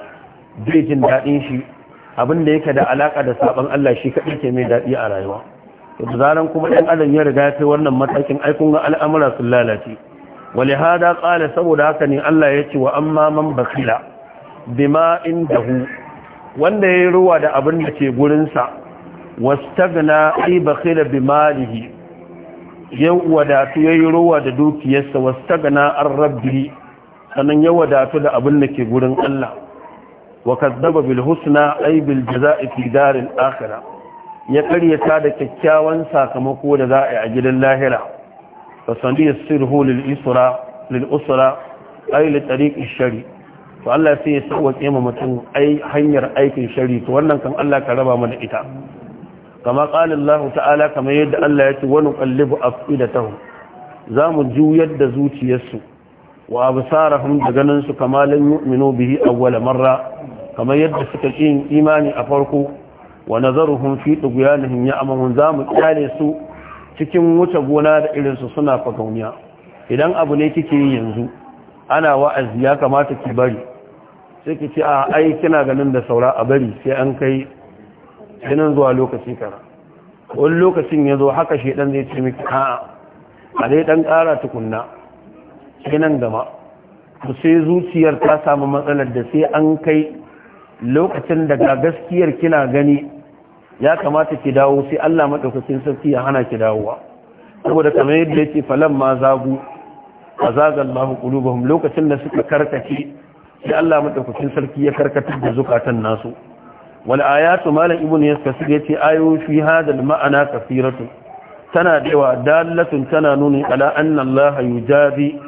zai jin daɗin shi abin da yake da alaka da saban Allah shi kaɗai ke mai daɗi a rayuwa yadda zaran kuma ɗan adam ya riga ya wannan matakin aikun ga al'amura sun lalace wale hada ƙala saboda haka ne Allah ya ce wa amma man bakila bima hu wanda ya yi ruwa da abin da ke gurinsa wastagna ai bakhila bi malihi ya wadatu yayi ruwa da dukiyarsa wastagna an rabbi sannan ya wadatu da abin da ke gurin Allah wa kadzaba bil husna ai bil jazaa'i fi daril akhirah ya karyata da kyakkyawan sakamako da za a yi a gidan lahira fa sandiya sirhu lil isra lil usra ai li tariq shari to Allah sai ya sauke ma mutum ai hanyar aikin shari to wannan kan Allah ka raba mana ita kama ƙalin lahu ta'ala kamar yadda Allah ya ce wani ƙallibu a da tahu za mu juyar da zuciyarsu wa abu sarahun da ganinsu kamalin yu'minu bihi awwala marra kamar yadda suka ƙi imani a farko wa nazaruhum fi tughyanihim ya'mahun za mu kyale su cikin wuce gona da irinsu suna fagauniya idan abu ne kike yi yanzu ana wa'azi ya kamata ki bari sai ki ce a ai kina ganin da saura a bari sai an kai nan zuwa lokaci kara wani lokacin ya zo haka shaidan zai ce miki a a dai dan kara tukunna sai nan gaba to sai zuciyar ta samu matsalar da sai an kai lokacin da ga gaskiyar kina gani ya kamata ki dawo sai Allah madaukakin sarki ya hana ki dawowa saboda kamar yadda yake falan ma zagu azaga ma qulubuhum lokacin da suka karkace sai Allah madaukakin sarki ya karkatar da zukatan nasu wal ayatu malam ibn yaskasir yace ayoyi fi hadal ma'ana kafiratu tana dewa dalatun tana nuni ala anna allaha yujazi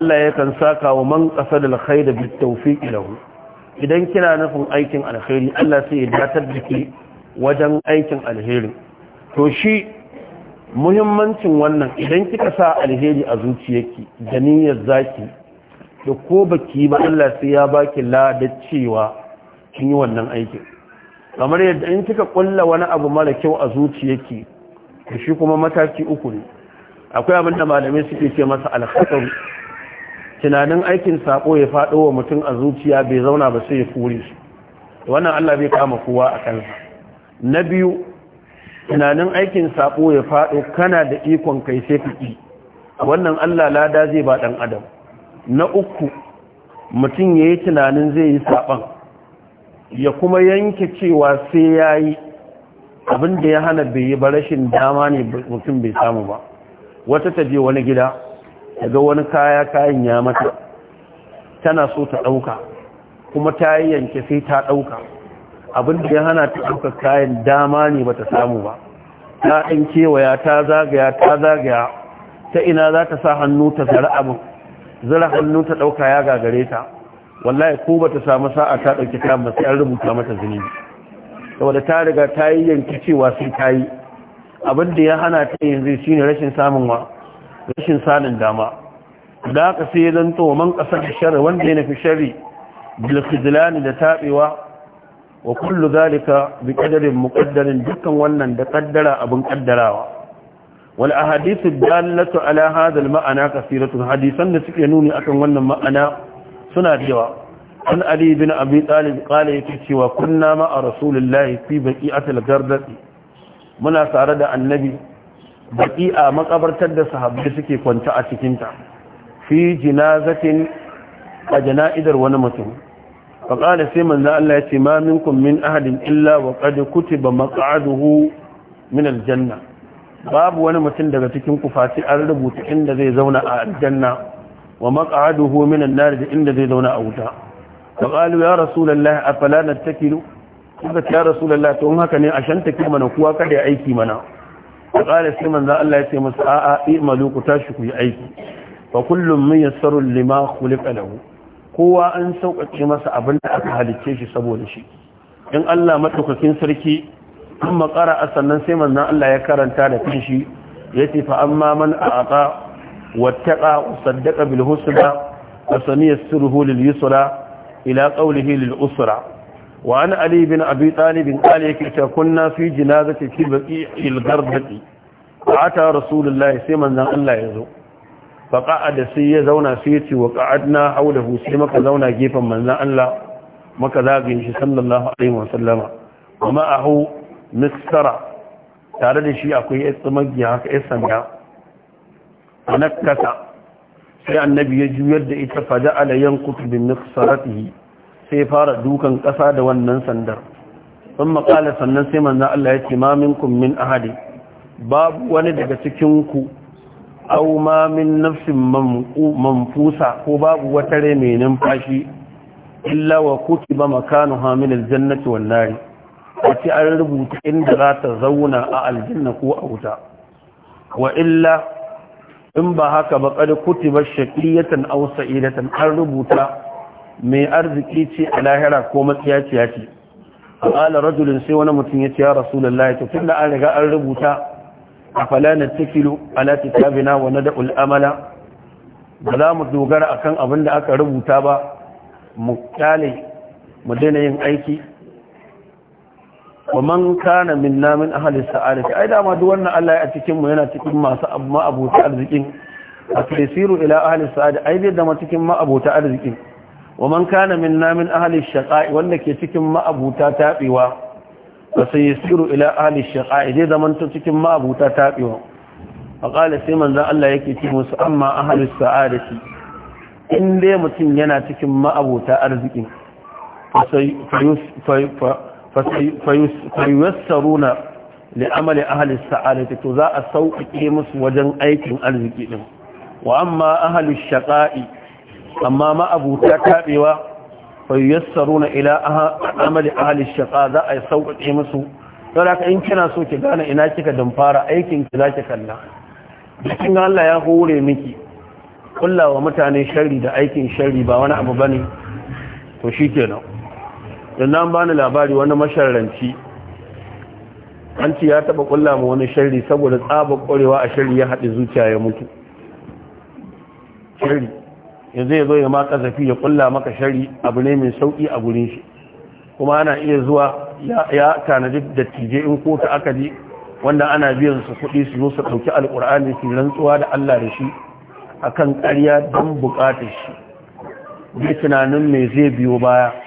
Allah yakan saka wa man qasadal khayra bit tawfiq lahu idan kina nufin aikin alheri Allah sai ya datar da ke wajen aikin alheri to shi muhimmancin wannan idan kika sa alheri a zuciyarki da niyyar zaki da ko baki ba Allah sai ya baki ladar cewa kin yi wannan aikin kamar yadda in kika kulla wani abu mara kyau a zuciyarki shi kuma mataki uku ne akwai abin da malamai suke ce masa alkhatar tunanin aikin sako ya faɗo wa mutum a zuciya bai zauna ba sai ya kore shi wannan Allah bai kama kowa a kansa na biyu tunanin aikin sako ya faɗo kana da ikon kai sai kiki wannan Allah lada zai ba dan adam na uku mutum yayi tunanin zai yi saban ya kuma yanke cewa sai ya yi abin ya hana bai yi ba rashin dama ne mutum bai samu ba wata ta je wani gida daga wani kaya kayan ya mata tana so ta ɗauka kuma ta yi yanke sai ta ɗauka abin da ya hana ta ɗauka kayan dama ne ba ta samu ba ta ɗan kewaya ta zagaya ta zagaya ta ina za ta sa hannu ta zara abin zara hannu ta ɗauka ya gagare ta wallahi ko bata samu sa'a ta dauki kayan ba sai an rubuta mata zunubi saboda ta riga ta yi yanki cewa sai ta yi abin da ya hana ta yanzu shine rashin samun wa rashin sanin dama da haka sai ya zanto man kasar shari wanda ya nafi sharri bil da taɓewa? wa kullu zalika bi qadarin muqaddarin dukkan wannan da kaddara abin kaddarawa wal ahadithu dallatu ala hadha al ma'ana kasiratun hadisan da suke nuni akan wannan ma'ana suna cewa an ali bin abi talib kala yake cewa kunna ma a rasulullahi fi baqi'atil gardati muna tare da annabi a makabartar da sahabbai suke kwanta a cikin ta fi jinazatin a jana'idar wani mutum faƙada sai manzan Allah ya ce ma minkum min ahadin illa wa qad kutiba maq'aduhu min aljanna babu wani mutum daga cikin kufati an rubuta inda zai zauna a aljanna wa maq'aduhu min an-nar da inda zai zauna a wuta fa qalu ya rasulullahi afala nattakilu kuma ya rasulullahi to in haka ne a shanta ki mana kuwa kada ya aiki mana fa qala sai manzo Allah ya ce masa a i'malu ku tashi ku yi aiki fa kullum min yassaru lima khuliqa lahu kowa an sauƙaƙe masa abin da aka halicce shi saboda shi in Allah madaukakin sarki an makara a sannan sai manzan Allah ya karanta da kanshi ya ce fa amma man a aqa wattaqa wasaddaqa bil husna wa saniya sirruhu lil yusra ila qawlihi lil usra wa an ali bin abi talib qala yake ta kunna fi jinazati fi baqi'il garbati ata rasulullahi sai manzon Allah yazo fa da sai ya zauna sai ya ce wa qa'adna hawlahu sai maka zauna gefen manzon Allah maka zagin shi sallallahu alaihi wa sallama kuma ahu mistara tare da shi akwai yatsa magiya haka yatsa kasa, sai annabi ya juyar da ita faja alayan kutubin nuksaratihi sai fara dukan ƙasa da wannan sandar sun makala sannan sai manzan Allah ya ce maminkun min ahadi babu wani daga cikinku au mamin nafsin manfusa ko babu wata rai mai numfashi illa wa ba makanu hamin jannaci wannari nari wace an rubuta inda za ta zauna a aljanna ko a wuta wa illa in ba haka ba kuti ba shaqiyatan aw sa'idatan an rubuta mai arziki ce a lahira ko matsiya ce qala rajulun sai wani mutum yace ya rasulullahi to tunda an riga an rubuta afala natakilu ala kitabina wa nad'ul amala ba za mu dogara akan abin da aka rubuta ba mu kale mu daina yin aiki wa man kana minna min ahli sa'adati ai da ma duk wannan Allah ya cikin mu yana cikin masu amma abota arzikin atisiru ila ahli sa'ada ai da ma cikin ma abota arzikin wa man kana minna min ahli shaqa'i wanda ke cikin ma abota tabewa fa sayisiru ila ahli shaqa'i da zaman to cikin ma abota tabewa fa qala sai manzo Allah yake ci musu amma ahli sa'adati in dai mutum yana cikin ma abota arzikin fa fayuwassaruna li'amali ahalis sa'adati to za a sauƙaƙe musu wajen aikin arziki din wa amma ahalin shaqa'i amma ma'abuta taɓewa fayuwassaruna ila amali ahalin shaqa za a sauƙaƙe musu don haka in kina so ki gane ina kika damfara aikin ki zaki kalla cikin Allah ya hore miki kullawa mutane sharri da aikin sharri ba wani abu bane to shi kenan don ba bani labari wani masharranci an ce ya taba kulla ma wani shari saboda tsabar kwarewa a shari ya haɗe zuciya ya mutu shari ya zai zo ya maka zafi ya kulla maka shari abu ne mai sauƙi a gurin shi kuma ana iya zuwa ya tanadi da tije in kota aka ji wanda ana biyan su kuɗi su zo su ɗauki alƙur'ani su rantsuwa da Allah da shi akan ƙarya don buƙatar shi bai tunanin me zai biyo baya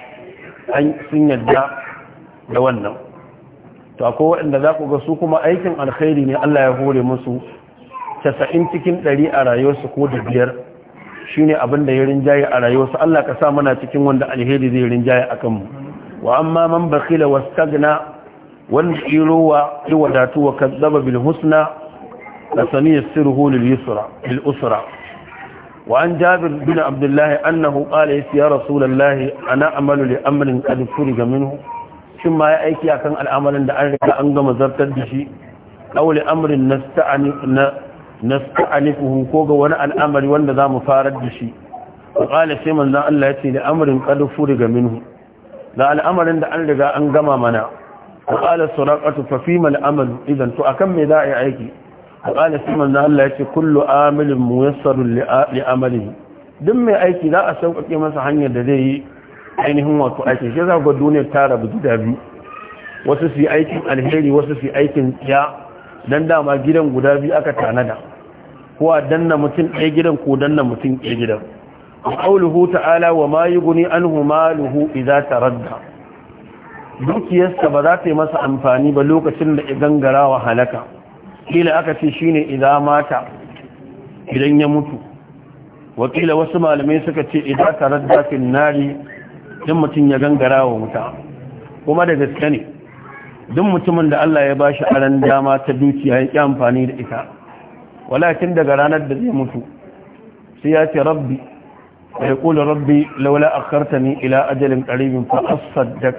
sun yadda da wannan to akwai waɗanda za ku ga su kuma aikin alkhairi ne Allah ya hore musu casa'in cikin ɗari a rayuwarsu ko da biyar shi ne abin da ya rinjaye a rayuwarsu Allah ka sa mana cikin wanda alheri zai rinjaye a kanmu wa amma man bakila wastagna tsirowa irowa iwadatu wa zaba bil husna la sani yassiruhu lil yusra lil usra وعن جابر بن عبد الله أنه قال يا رسول الله أنا أعمل لأمر قد فرج منه ثم يأتي أكن الأمر أن أرك أنقم زرت الدشي أو لأمر نستعنفه كوغ وانا الأمر وانا ذا مفارد دشي وقال سيما لا الله يأتي لأمر قد فرج منه ذا الأمر أن أرك أنقم منا وقال السراقة ففيما الأمل إذا تؤكم ذا عيكي قال سيما أن الله يتي كل mai ميسر لعمله a sauƙaƙe masa hanyar da zai yi ainihin wato aiki shi za ga duniyar tara bu gida biyu wasu su yi aikin alheri wasu su yi aikin ya dan dama gidan guda biyu aka tanada ko a danna mutum ɗaya gidan ko danna mutum ɗaya gidan qauluhu ta'ala wa ma yughni anhu maluhu idza taradda dukiyarsa ba za ta yi masa amfani ba lokacin da ya gangara wa halaka kila aka ce shine idan mata idan ya mutu wakila wasu malamai suka ce idan taradda fil nari dan mutum ya gangara wa wuta kuma da gaske ne duk mutumin da Allah ya bashi aran dama ta dukiya ya amfani da ita walakin daga ranar da zai mutu sai ya ce rabbi ya kula rabbi laula kartani ila ajalin qaribin fa asaddaq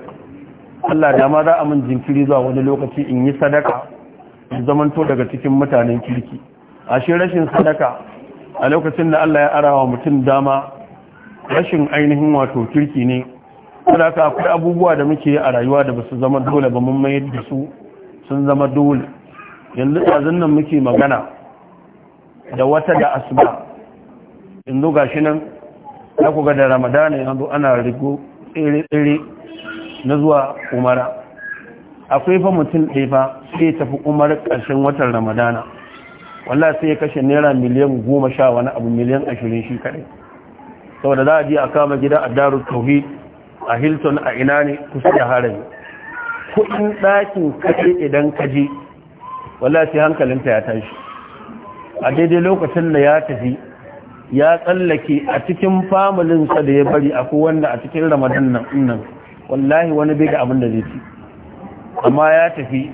Allah da ma za a min jinkiri zuwa wani lokaci in yi sadaka zamanto daga cikin mutanen kirki A shi rashin sadaka a lokacin da Allah ya arawa mutum dama rashin ainihin wato kirki ne sadaka akwai abubuwa da muke a rayuwa da basu zama dole ba mun mayar da su sun zama dole yanzu ɗazun nan muke magana da wata da asuba yanzu gashi nan na kuga da ramadana yanzu ana rigo tsere-tsere na zuwa umara akwai fa mutum ɗaya fa sai ya tafi umar ƙarshen watan ramadana walla sai ya kashe naira miliyan goma sha wani abu miliyan ashirin shi kaɗai saboda za a je a kama gida a darus tauhi a hilton a ina ne kusa da harin kuɗin ɗakin kaɗai idan ka je walla sai hankalinta ya tashi a daidai lokacin da ya tafi ya tsallake a cikin familinsa da ya bari akwai wanda a cikin ramadan nan wallahi wani bai da abin da zai ci amma ya tafi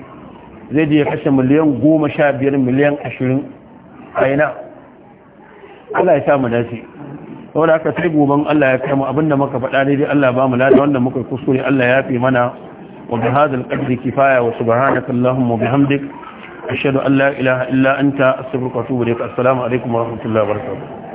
zai je kashe miliyan goma sha biyar miliyan ashirin a ina Allah ya samu dace saboda haka sai goban Allah ya kai mu abinda muka faɗa ne dai Allah ba mu lada wanda muka kuskure Allah ya fi mana wa bi hadal qadri kifaya wa subhanaka allahumma wa bihamdik ashhadu an la ilaha illa anta astaghfiruka wa atubu ilaik assalamu alaikum wa rahmatullahi wa barakatuh